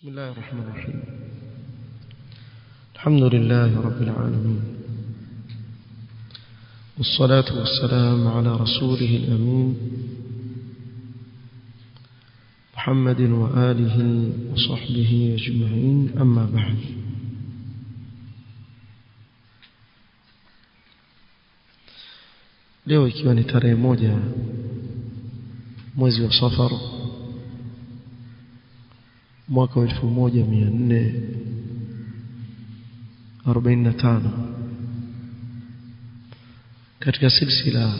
بسم الله الرحمن الرحيم الحمد لله رب العالمين والصلاة والسلام على رسوله الأمين محمد وآله وصحبه أجمعين أما بعد اليوم ikiwa ترى موجة موزي وصفر mwaka wa 1445 katika silsila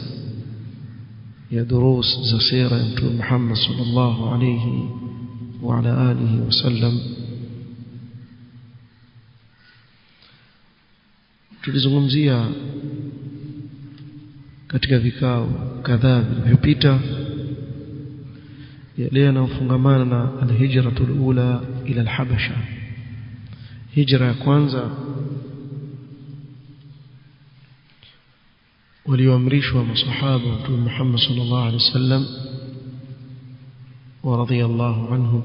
ya durus za sera ya mtume Muhammad sallallahu alayhi wa ala alihi wasallam tulizungumzia katika vikao kadhaa vilivyopita yale yanayofungamana na alhijratul ula ila alhabasha hijra ya kwanza walioamrishwa masahaba wa mtume Muhammad sallallahu alaihi wasallam wa radiyallahu anhum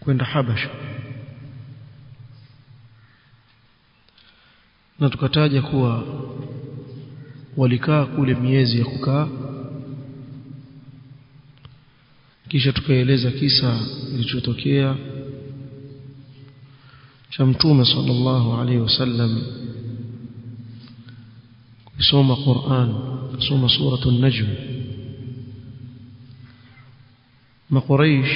kwenda Habasha na tukataja kuwa walikaa kule miezi ya kukaa kisha tukaeleza kisa kilichotokea cha mtume sallallahu alaihi wasallam kusoma Qur'an kusoma surah najm maquraish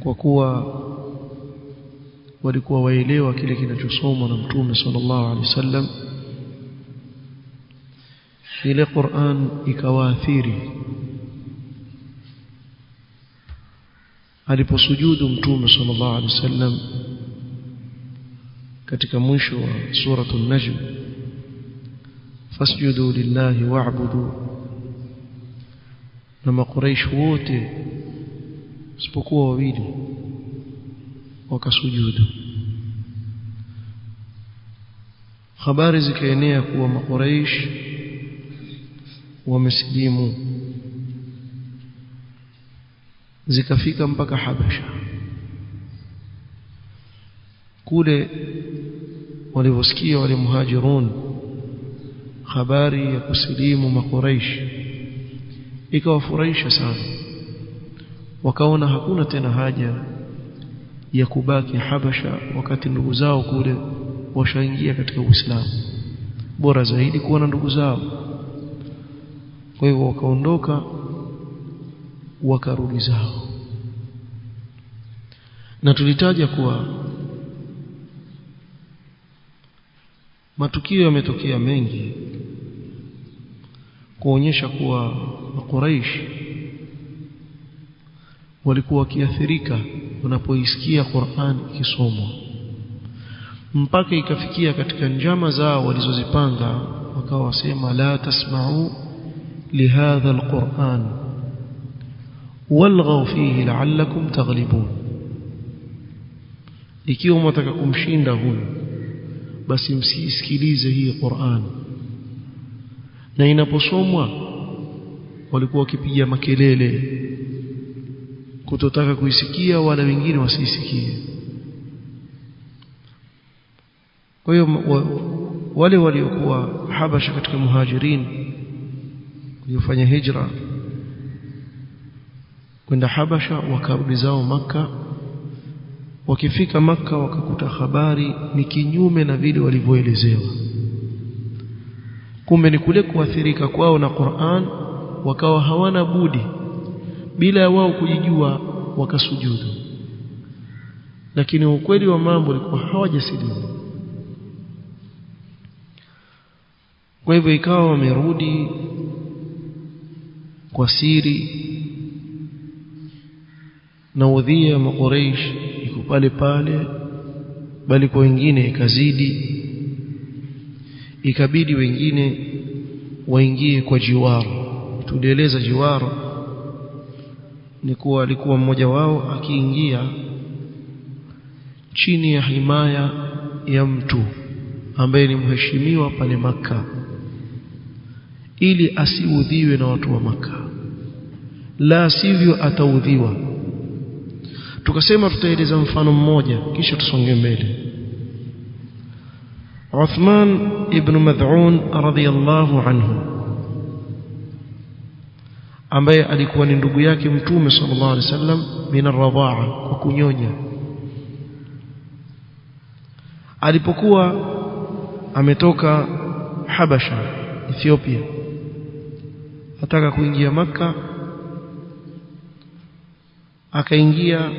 kwa kuwa walikuwa waelewa kile kinachosomwa na mtume sallallahu alaihi wasallam ile Qur'an ikawaathiri aliposujudu mtume sallallahu alaihi wasallam katika mwisho wa suratul najm fasjudu lillahi wa'budu na makuraish wote isipokuwa wawili wakasujudu habari zikaenea kuwa makuraish wamesilimu zikafika mpaka Habasha kule walivyosikia wale muhajirun habari ya kusilimu makuraish ikawafurahisha sana wakaona hakuna tena haja ya kubaki Habasha wakati ndugu zao kule washaingia katika Uislamu bora zaidi kuwa na ndugu zao kwa hivyo wakaondoka wakarudi zao na tulitaja kuwa matukio yametokea mengi kuonyesha kuwa makuraishi walikuwa wakiathirika wanapoisikia Qur'an ikisomwa mpaka ikafikia katika njama zao walizozipanga wakawa wasema la tasma'u lihadha alquran walghaw fihi la'allakum taghlibun ikiwa mtaka kumshinda huyu basi msisikilize hii Qur'an na inaposomwa walikuwa wakipiga makelele kutotaka kuisikia wala wengine wasiisikie kwa hiyo wale waliokuwa habasha katika muhajirin waliofanya hijra kwenda Habasha wakarudi zao Makka wakifika Makka wakakuta habari ni kinyume na vile walivyoelezewa kumbe ni kule kuathirika kwao na Qur'an wakawa hawana budi bila ya wao kujijua wakasujudu lakini ukweli wa mambo ulikuwa hawajasilimu kwa hivyo ikawa wamerudi kwa siri na udhia ya makuraish iko pale pale bali kwa wengine ikazidi ikabidi wengine waingie kwa jiwaro tulieleza jiwaro ni kuwa alikuwa mmoja wao akiingia chini ya himaya ya mtu ambaye ni mheshimiwa pale maka ili asiudhiwe na watu wa maka la sivyo ataudhiwa tukasema tutaeleza mfano mmoja kisha tusonge mbele Uthman ibn Mad'un radhiyallahu anhu ambaye alikuwa ni ndugu yake mtume sallallahu alaihi wasallam min ar-radha'a kwa kunyonya alipokuwa ametoka Habasha Ethiopia ataka kuingia maka akaingia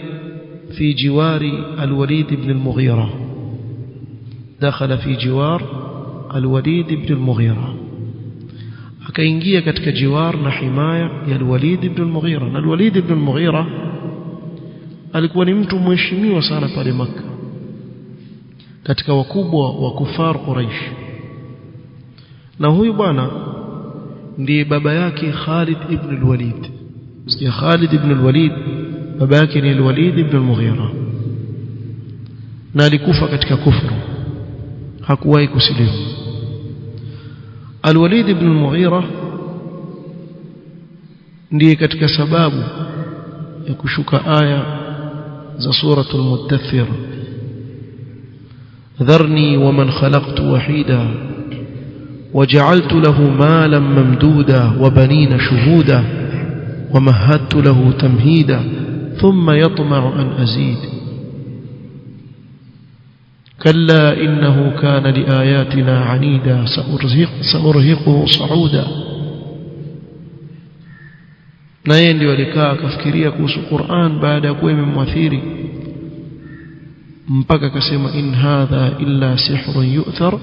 في جوار الوليد بن المغيرة دخل في جوار الوليد بن المغيرة akaingia katika jiwar na himaya ya Walid ibn al-Mughira na Walid ibn al-Mughira alikuwa ni mtu mheshimiwa sana pale maka katika wakubwa wa kufar Quraish na huyu bwana ndiye baba yake Khalid ibn al-Walid msikia Khalid ibn al-Walid babake ni walid ibn mughira na alikufa katika kufru hakuwahi kusilimu al-Walid ibn mughira ndiye katika sababu ya kushuka aya za suratul mudaththir dharni waman khalaqtu wahida وجعلت له مالا ممدودا وبنين شهودا ومهدت له تمهيدا ثم يطمع أن أزيد كلا إنه كان لآياتنا عنيدا سأرهق سأرهقه صعودا na yeye ndio alikaa akafikiria kuhusu Qur'an baada ya kuwa imemwathiri mpaka akasema in hadha illa sihrun yu'thar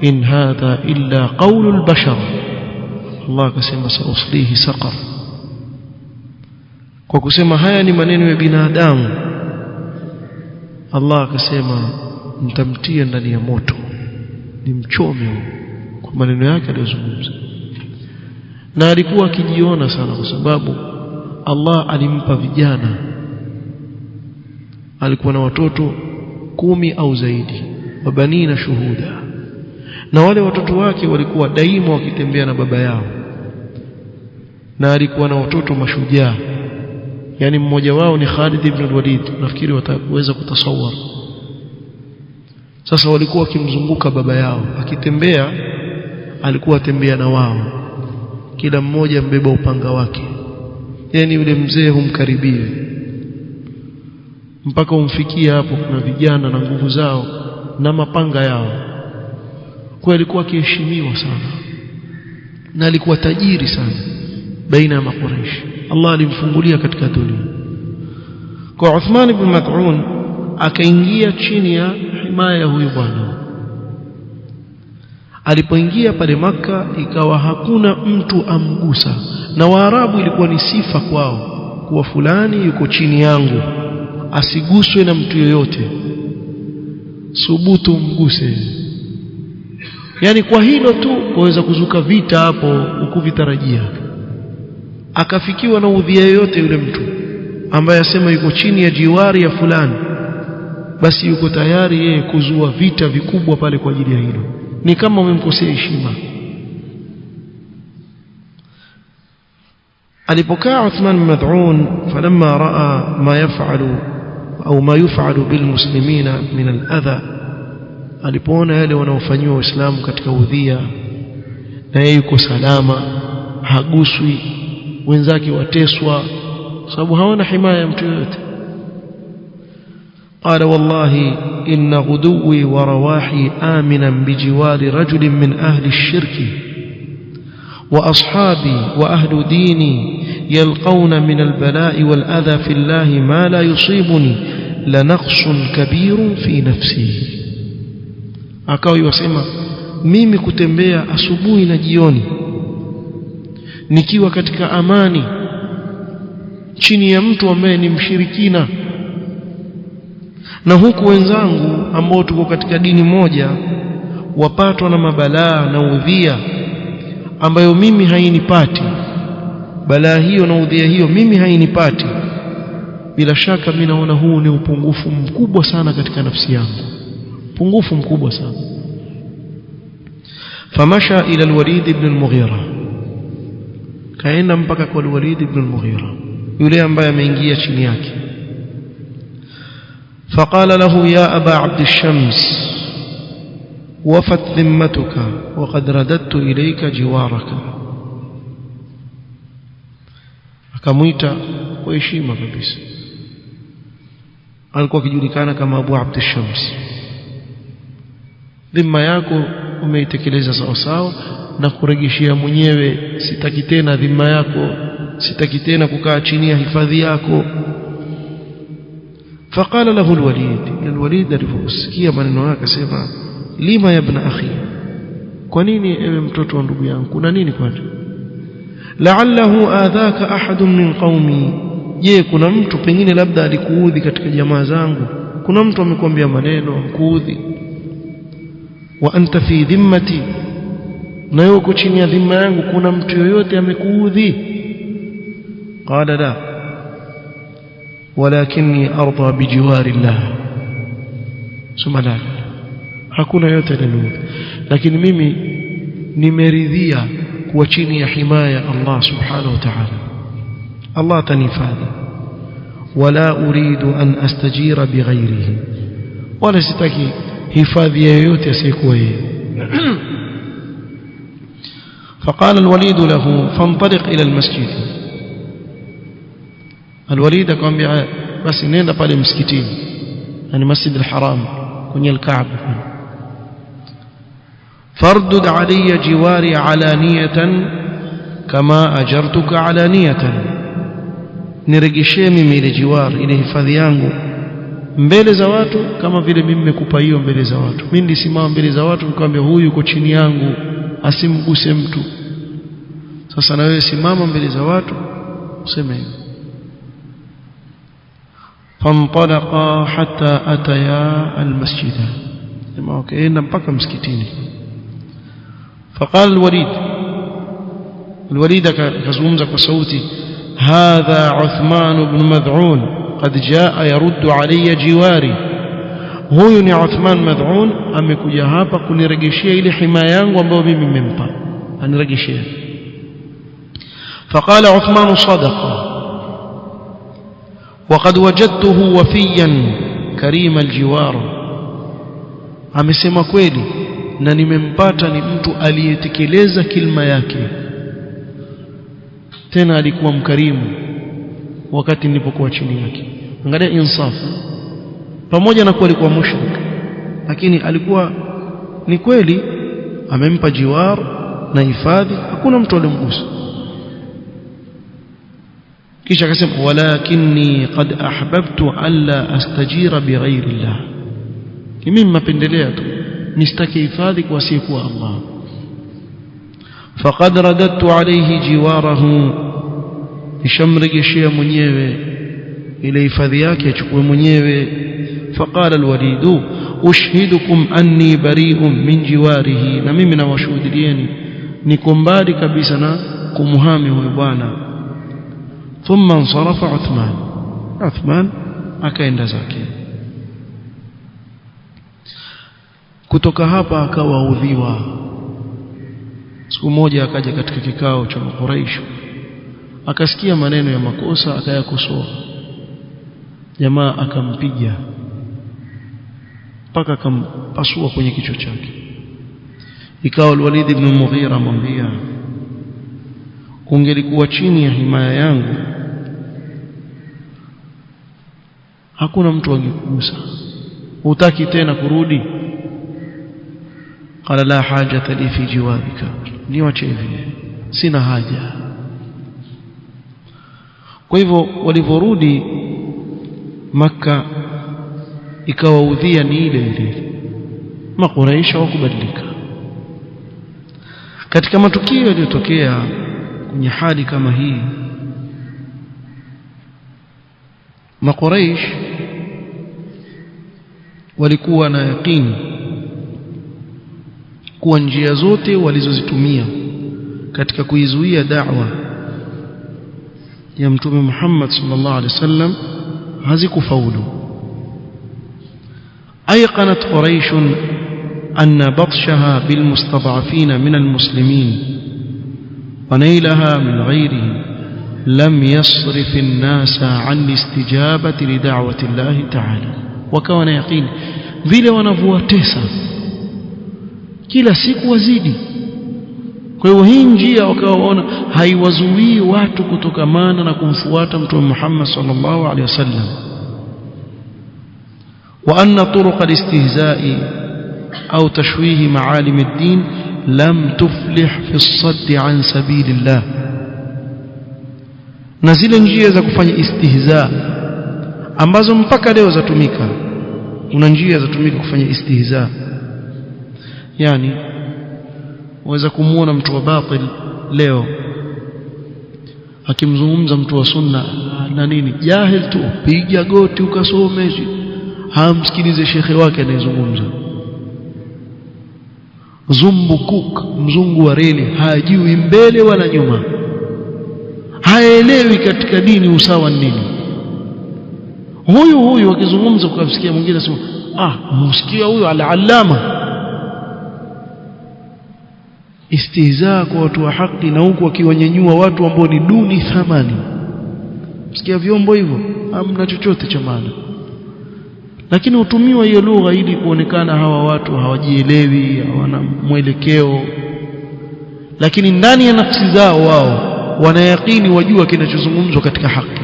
in hadha illa qawlul bashar Allah akasema sauslihi saqar kwa kusema haya ni maneno ya binadamu Allah akasema mtamtia ndani ya moto ni mchome kwa maneno yake aliyozungumza na alikuwa akijiona sana kwa sababu Allah alimpa vijana alikuwa na watoto kumi au zaidi wabanii na shuhuda na wale watoto wake walikuwa daima wakitembea na baba yao na alikuwa na watoto mashujaa yani mmoja wao ni Khalid ibn al-Walid nafikiri wataweza kutasawar sasa walikuwa wakimzunguka baba yao akitembea alikuwa atembea na wao kila mmoja mbeba upanga wake yani yule mzee humkaribie mpaka umfikia hapo kuna vijana na nguvu zao na mapanga yao kwa alikuwa akiheshimiwa sana na alikuwa tajiri sana baina ya makuraishi Allah alimfungulia katika dunia kwa Uthman ibn makun akaingia chini ya himaya ya huyu bwana alipoingia pale Makka ikawa hakuna mtu amgusa na Waarabu ilikuwa ni sifa kwao kuwa fulani yuko chini yangu asiguswe na mtu yoyote subutu mguse yani kwa hilo tu kwaweza kuzuka vita hapo ukuvitarajia akafikiwa na udhia yoyote yule mtu ambaye asema yuko chini ya jiwari ya fulani, basi yuko tayari yeye kuzua vita vikubwa pale kwa ajili ya hilo, ni kama umemkosea heshima. Alipokaa Uthman bin Mad'un, falamma raa ma yafalu au ma yufalu bilmuslimina min aladha, alipoona yale wanaofanyiwa Waislamu katika udhia, na yeye yuko salama, haguswi wenzake wateswa sababu hawana himaya mtu yoyote قال والله إن غدوي ورواحي آمنا بجوار رجل من أهل الشرك وأصحابي وأهل ديني يلقون من البلاء والأذى في الله ما لا يصيبني لنقص كبير في نفسي أكاو يوسما ميمي kutembea asubuhi na nikiwa katika amani chini ya mtu ambaye ni mshirikina na huku wenzangu ambao tuko katika dini moja wapatwa na mabalaa na udhia ambayo mimi hainipati balaa hiyo na udhia hiyo mimi hainipati bila shaka mimi naona huu ni upungufu mkubwa sana katika nafsi yangu upungufu mkubwa sana famasha ila alwalid ibn almughira kaenda mpaka kwa Walid ibn al-Mughira yule ambaye ameingia chini yake faqala lahu ya aba abd أبا shams wafat وفت wa qad radadtu ilayka jiwaraka akamuita kwa heshima kabisa alikuwa akijulikana kama Abu Abd Shams dhima yako umeitekeleza sawa sawa na kurejeshea mwenyewe sitaki tena dhima yako sitaki tena kukaa chini ya hifadhi yako faqala lahu الوليد الوليد aliposikia maneno yake akasema lima yabna akhi kwa nini ewe mtoto wa ndugu yangu kuna nini kwani la'allahu adhaka ahadun min qaumi je kuna mtu pengine labda alikuudhi katika jamaa zangu kuna mtu amekwambia maneno kuudhi wa anta fi dhimmati na yuko chini ya dhima yangu kuna mtu yoyote amekuudhi qala la walakinni arda bijiwari llah suma hakuna yote aliyeniudhi lakini mimi nimeridhia kuwa chini ya himaya Allah subhanahu wa ta'ala Allah atanifadhi wala uridu an astajira bighairihi wala sitaki hifadhi yoyote asiyekuwa yeye فقال الوليد له فانطلق إلى المسجد الوليد قام بس نين قال المسكتين يعني المسجد الحرام كني الكعب فاردد علي جواري علانية كما أجرتك علانية نرجشي ميمي لجوار إلى فذيانغو mbele زواتو كما kama ميمي mimi mekupa زواتو مين za watu mi nisimama mbele za watu asimguse mtu sasa na wewe simama mbele za watu useme hivyo فانطلقا حتى أتيا المسجد كما وكأن بقى مسكتين فقال الوليد الوليد كزومز وصوتي هذا عثمان بن مذعون قد جاء يرد علي جواري huyu ni Uthman Madhun amekuja hapa kuniregeshia ile himaya yangu ambayo mimi nimempa anirejeshia فقال عثمان صدق وقد وجدته وفيا كريم الجوار amesema kweli na nimempata ni mtu aliyetekeleza kilma yake tena alikuwa mkarimu wakati nilipokuwa chini yake angalia insafu pamoja na kuwa alikuwa mushrik lakini alikuwa ni kweli amempa jiwar na hifadhi hakuna mtu alimgusa kisha akasema walakinni qad ahbabtu alla astajira bighairi llah mimi mapendelea tu nistaki hifadhi kwa asiyekuwa Allah faqad radattu alayhi jiwarahu nishamregeshea mwenyewe ile hifadhi yake achukue mwenyewe فقال الوليد أشهدكم أني بريء من جواره نميم نواشودليني نكمبالي كبسنا كمهامي ويبانا ثم انصرف عثمان عثمان akaenda zake kutoka hapa akawaudhiwa siku moja akaja katika kikao cha Quraysh akasikia maneno ya makosa akayakosoa jamaa akampiga mpaka akampasua kwenye kichwa chake ikawa alwalid ibn Mughira amwambia ungelikuwa chini ya himaya yangu hakuna mtu angekugusa hutaki tena kurudi qala la hajata li fi jiwabika niwache hivi sina haja kwa hivyo walivyorudi makka ikawaudhia ni ile ile. makuraisha hawakubadilika katika matukio yaliyotokea kwenye hali kama hii. Makuraish walikuwa na yaqini kuwa njia zote walizozitumia katika kuizuia da'wa ya Mtume Muhammad sallallahu alaihi wasallam hazikufaulu. أيقنت قريش أن بطشها بالمستضعفين من المسلمين ونيلها من غيرهم لم يصرف الناس عن الاستجابة لدعوة الله تعالى وكان يقين ذيل ونفوة تهسا كلا سيك وزيدي kwa hiyo hii njia wakawaona haiwazuii watu kutokamana na kumfuata محمد صلى الله عليه وسلم وأن طرق الاستهزاء أو تشويه معالم الدين لم تفلح في الصد عن سبيل الله نزل نجيه ذا فاني استهزاء أما زم فكا ليو ذا تميكا وننجيه ذا تميكا استهزاء يعني وإذا كمونا متوى باطل ليو أكيم زمزم توى سنة نانيني جاهل تو بيجا قوتي وكسو ميجي hamsikilize shekhe wake anayezungumza zumbukuk mzungu wa reli hajui mbele wala nyuma haelewi katika dini usawa nini huyu huyu akizungumza ukamsikia mwingine asema ah msikia huyo al alama istihzaa kwa watu wa haki na huku akiwanyanyua watu ambao ni duni thamani msikia vyombo hivyo hamna chochote cha maana lakini hutumiwa hiyo lugha ili kuonekana hawa watu hawajielewi hawana mwelekeo lakini ndani ya nafsi zao wao wanayakini wajua kinachozungumzwa katika haki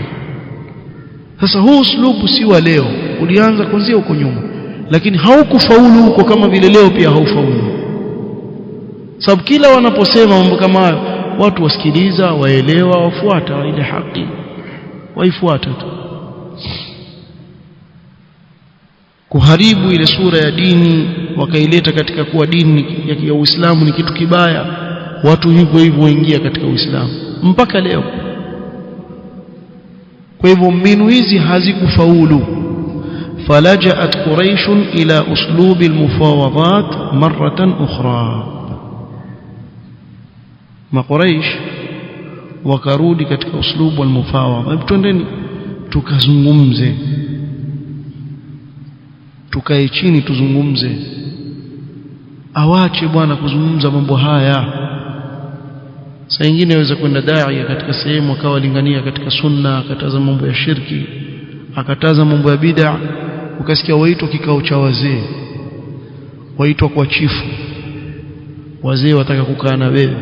sasa huu uslubu si wa leo ulianza kuanzia huko nyuma lakini haukufaulu huko kama vile leo pia haufaulu sababu kila wanaposema mambo kama hayo watu wasikiliza waelewa wafuata ile haki waifuata tu kuharibu ile sura ya dini wakaileta katika kuwa dini ya Uislamu ni kitu kibaya watu hivyo hivyo waingia katika Uislamu mpaka leo kwa hivyo mbinu hizi hazikufaulu falajaat quraish ila uslubi almufawadat maratan ukhra maquraish wakarudi katika uslubu almufawadha twendeni tukazungumze tukae chini tuzungumze, awache bwana kuzungumza mambo haya. Saa nyingine aweza kwenda daia katika sehemu akawa katika sunna, akataza mambo ya shirki, akataza mambo ya bid'a, ukasikia waitwa kikao cha wazee, waitwa kwa chifu, wazee wataka kukaa na wewe.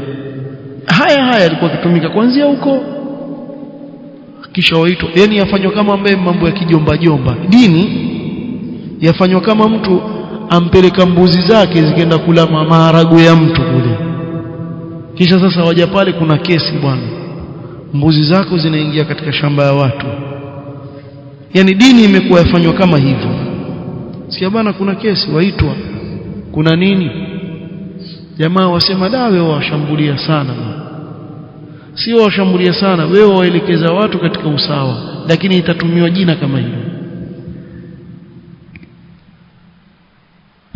Haya haya yalikuwa akitumika kuanzia huko, kisha waitwa, yani yafanywa kama ambaye mambo ya kijomba jomba dini yafanywa kama mtu ampeleka mbuzi zake zikenda kula maharagwe ya mtu kule kisha sasa waja pale kuna kesi bwana mbuzi zako zinaingia katika shamba ya watu yani dini imekuwa yafanywa kama hivyo sikia bwana kuna kesi waitwa kuna nini jamaa wasema da wewe washambulia sana sio washambulia sana wewe waelekeza watu katika usawa lakini itatumiwa jina kama hilo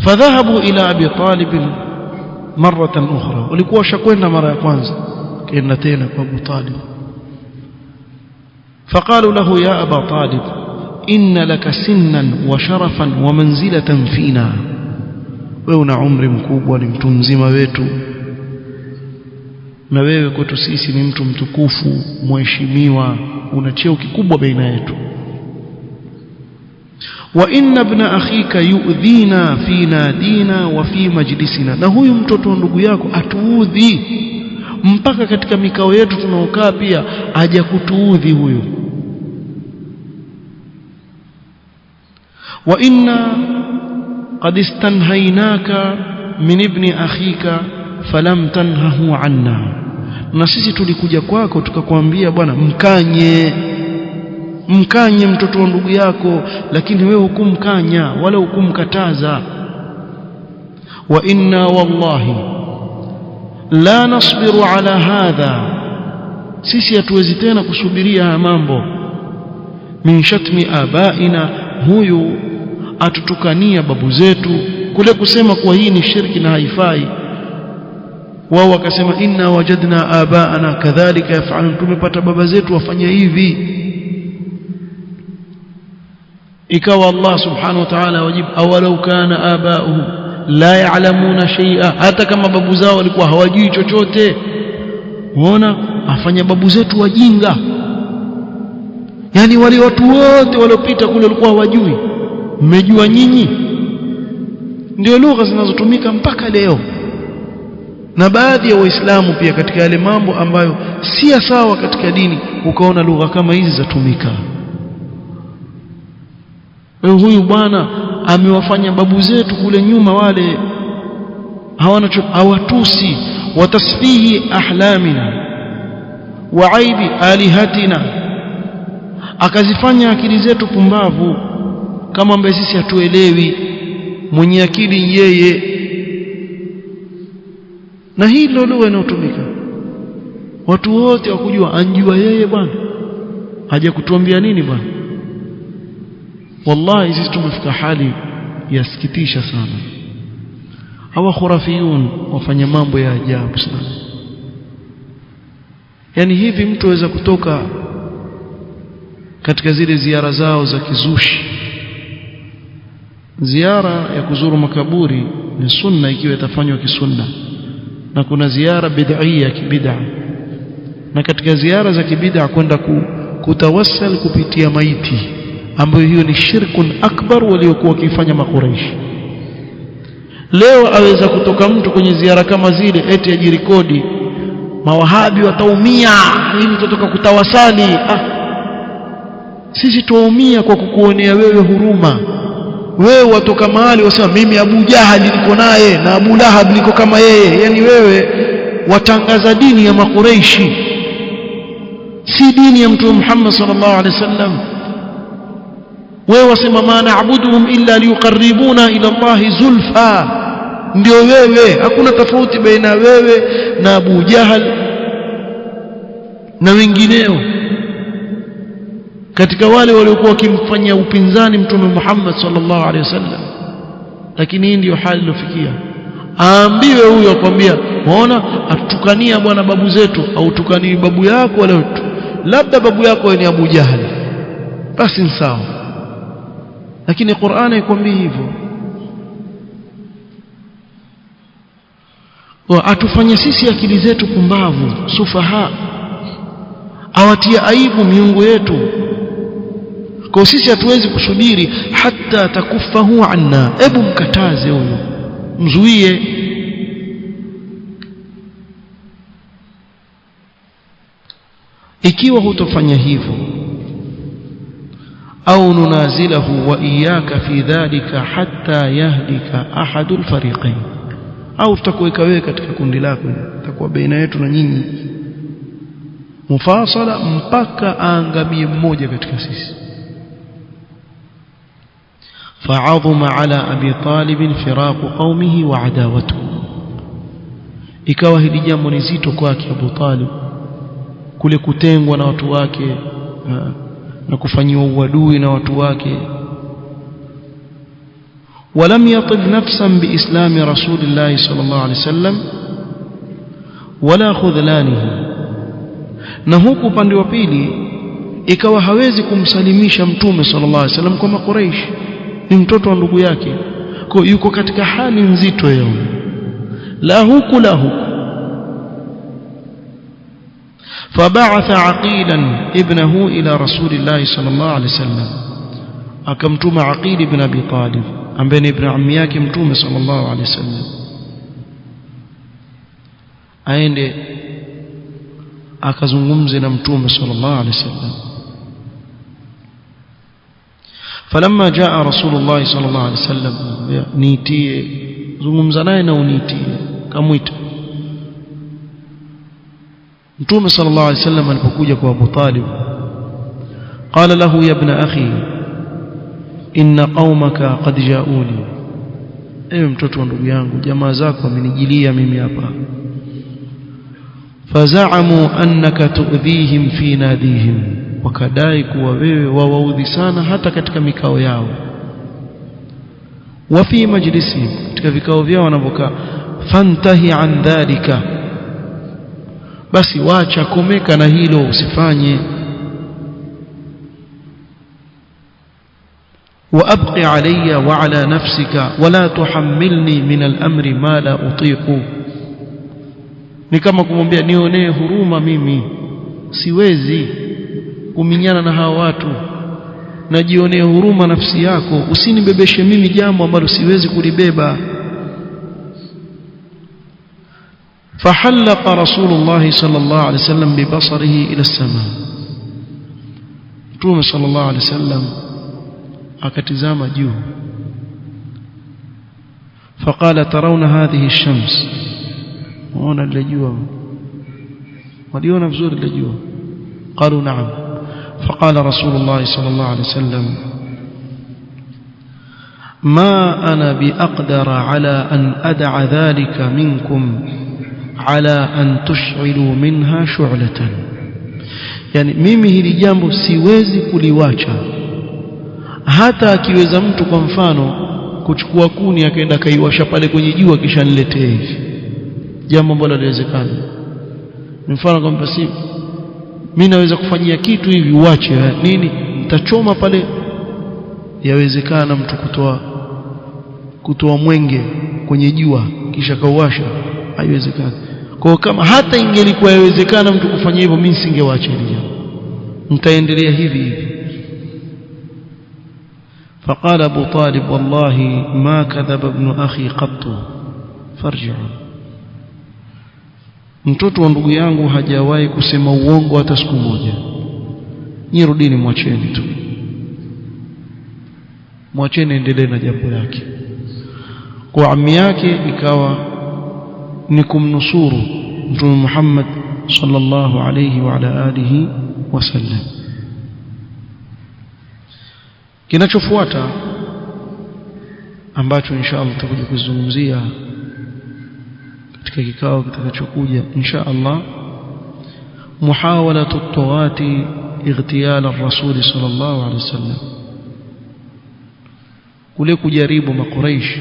فذهبوا الى ابي طالب مره اخرى ولكو شكوينا مره يا كwanza كنا تينا ابو طالب فقالوا له يا ابا طالب ان لك سنا وشرفا ومنزله فينا وهو عمر مكبوا لمتو مزيمه wetu na wewe kwetu sisi ni mtu mtukufu mheshimiwa una wa inna ibna akhika yu'dhina fi nadina wa fi majlisina, na huyu mtoto wa ndugu yako atuudhi mpaka katika mikao yetu tunaokaa, pia aja kutuudhi huyu. Wa inna qad istanhainaka min ibni akhika falam tanhahu anna, na sisi tulikuja kwako tukakwambia, bwana mkanye mkanye mtoto wa ndugu yako, lakini wewe hukumkanya wala hukumkataza. Wa inna wallahi la nasbiru ala hadha, sisi hatuwezi tena kusubiria haya mambo. Min shatmi abaina, huyu atutukania babu zetu, kule kusema kuwa hii ni shirki na haifai wao wakasema, inna wajadna abaana kadhalika yafalun, tumepata baba zetu wafanya hivi ikawa Allah subhanahu wa ta'ala wajibu awalau kana abauhum la ya'lamuna shay'a, hata kama babu zao walikuwa hawajui chochote. muona afanya babu zetu wajinga, yani wale watu wote waliopita kule walikuwa hawajui, mmejua nyinyi. Ndio lugha zinazotumika mpaka leo na baadhi ya Waislamu pia katika yale mambo ambayo si sawa katika dini, ukaona lugha kama hizi zatumika huyu bwana amewafanya babu zetu kule nyuma wale hawana hawatusi watasfihi ahlamina wa aibi alihatina akazifanya akili zetu pumbavu kama ambaye sisi hatuelewi mwenye akili yeye na hii ndio lugha inayotumika watu wote wakujua anjua yeye bwana haja kutuambia nini bwana wallahi sisi tumefika hali yasikitisha sana hawa khurafiyun wafanya mambo ya ajabu sana yani hivi mtu aweza kutoka katika zile ziara zao za kizushi ziara ya kuzuru makaburi ni sunna ikiwa itafanywa kisunna na kuna ziara bid'ia kibid'a na katika ziara za kibid'a kwenda kutawassal kupitia maiti ambayo hiyo ni shirkun akbar waliokuwa wakifanya makureishi leo aweza kutoka mtu kwenye ziara kama zile eti ajirikodi mawahabi wataumia mimi tutatoka kutawasali ah. sisi tuwaumia kwa kukuonea wewe huruma wewe watoka mahali wasema mimi Abu Jahali niko naye na Abu Lahab niko kama yeye yani wewe watangaza dini ya makureishi si dini ya mtume Muhammad sallallahu alaihi wasallam wewe wasema ma naabuduhum illa liyuqaribuna ila Allahi zulfa ndio wewe hakuna tofauti baina wewe na Abu Jahal na wengineo katika wale waliokuwa wakimfanya upinzani mtume Muhammad sallallahu alaihi wasallam lakini hii ndiyo hali ilofikia aambiwe huyo akwambia waona atukania bwana babu zetu au tukanii babu yako wala labda babu yako ni Abu Jahal basi ni sawa lakini Qur'ani haikwambii hivyo atufanye sisi akili zetu kumbavu sufaha awatia aibu miungu yetu kwa sisi hatuwezi kusubiri hata takufahu anna ebu mkataze huyo mzuie ikiwa hutofanya hivyo au nunazilahu wa iyaka fi dhalika hatta yahdika ahadu lfariqain, au tutakuweka wewe katika kundi lako, takuwa baina yetu na nyinyi mufasala mpaka aangamie mmoja katika sisi. Faadhuma ala abi talibin firaqu qaumihi wa adawatu, ikawa hili jambo ni zito kwake Abu Talib, kule kutengwa na watu wake ha. Eh, na kufanyiwa uadui na watu wake ولم يطب نفسا بإسلام رسول الله صلى الله عليه وسلم ولا خذلانه na huku upande wa pili ikawa hawezi kumsalimisha mtume sallallahu alaihi wasallam kwa makuraishi ni mtoto wa ndugu yake kwa yuko katika hali nzito yao la huku la huku فبعث عقيلا ابنه الى رسول الله صلى الله عليه وسلم اكمتم عقيل بن ابي طالب ام بين ابن عمياك متوم صلى الله عليه وسلم اين اكزغمزنا متوم صلى الله عليه وسلم فلما جاء رسول الله صلى الله عليه وسلم نيتي زغمزنا ونيتي كمويت نبي صلى الله عليه وسلم البكوجة أبو طالب قال له يا ابن أخي إن قومك قد جاؤوني أي أيوة متوتو نبيانك جما زاكو من جلية من فزعموا أنك تؤذيهم في ناديهم وكدايك ووذي سانا حتى كتك مكاو ياو وفي مجلسهم تكفي كاو فانتهي عن ذلك فانتهي عن ذلك basi wacha komeka na hilo usifanye وابق علي وعلى نفسك tuhammilni min al-amri ma la utiqu ni kama kumwambia nionee huruma mimi siwezi kuminyana na hawa watu najionee huruma nafsi yako usinibebeshe mimi jambo ambalo siwezi kulibeba فحلق رسول الله صلى الله عليه وسلم ببصره إلى السماء توم صلى الله عليه وسلم أكتزام جيو فقال ترون هذه الشمس وانا لجيو وليونا بزور لجيو قالوا نعم فقال رسول الله صلى الله عليه وسلم ما أنا بأقدر على أن أدع ذلك منكم ala an tush'ilu minha shu'latan, yani mimi hili jambo siwezi kuliwacha. Hata akiweza mtu kwa mfano kuchukua kuni akaenda kaiwasha pale kwenye jua kisha niletee hivi, jambo ambalo haliwezekani. Mfano kwamba si mimi naweza kufanyia kitu hivi uache eh, nini, nitachoma pale, yawezekana mtu kutoa kutoa mwenge kwenye jua kisha kauasha? Haiwezekani. Kwa kama hata ingelikuwa yawezekana mtu kufanya hivyo, mimi singewaachilia, nitaendelea hivi hivi. Faqala Abu Talib, wallahi ma kadhaba ibn akhi qattu farji'u, mtoto wa ndugu yangu hajawahi kusema uongo hata siku moja. Nyi rudini, mwacheni tu, mwacheni endelee na jambo lake. Kwa ammi yake ikawa nikumnusuru mtume Muhammad sallallahu alayhi wa ala alihi wasallam kinachofuata ambacho insha Allah tutakuja kuzungumzia katika kikao kitakachokuja insha Allah muhawalatu at-tughati اغتيال الرسول صلى الله عليه وسلم kule kujaribu makuraishi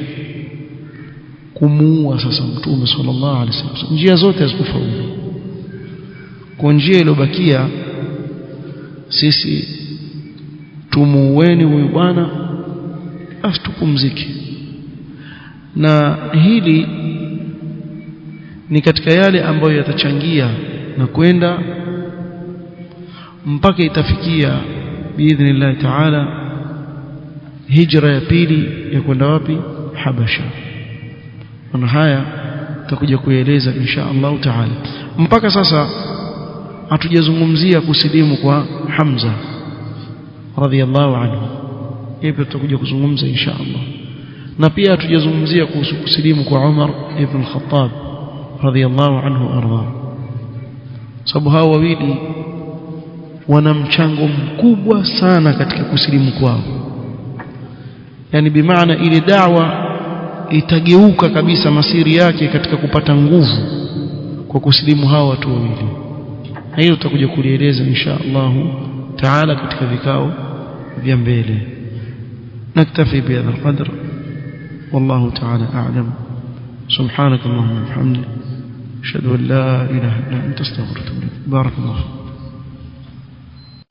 kumuua sasa mtume sallallahu alaihi wasallam njia zote hazikufaulu kwa njia iliyobakia sisi tumuueni huyu bwana afu tupumzike na hili ni katika yale ambayo yatachangia na kwenda mpaka itafikia biidhnillahi taala hijra ya pili ya kwenda wapi habasha na haya tutakuja kueleza insha Allah taala mpaka sasa hatujazungumzia kusilimu kwa Hamza radhiallahu anhu hivyo tutakuja kuzungumza insha Allah na pia hatujazungumzia kuhusu kusilimu kwa Umar ibn al-Khattab radhiallahu anhu arda sababu hao wawili wana mchango mkubwa sana katika kusilimu kwao yani bimaana ile dawa itageuka kabisa masiri yake katika kupata nguvu kwa kusilimu hawa watu wawili, na hiyo tutakuja kulieleza insha Allahu taala katika vikao vya mbele. Naktafi bihadha alqadr, wallahu taala a'lam. Subhanak Allahumma wa bihamdik, ashhadu an la ilaha illa anta astaghfiruka wa atubu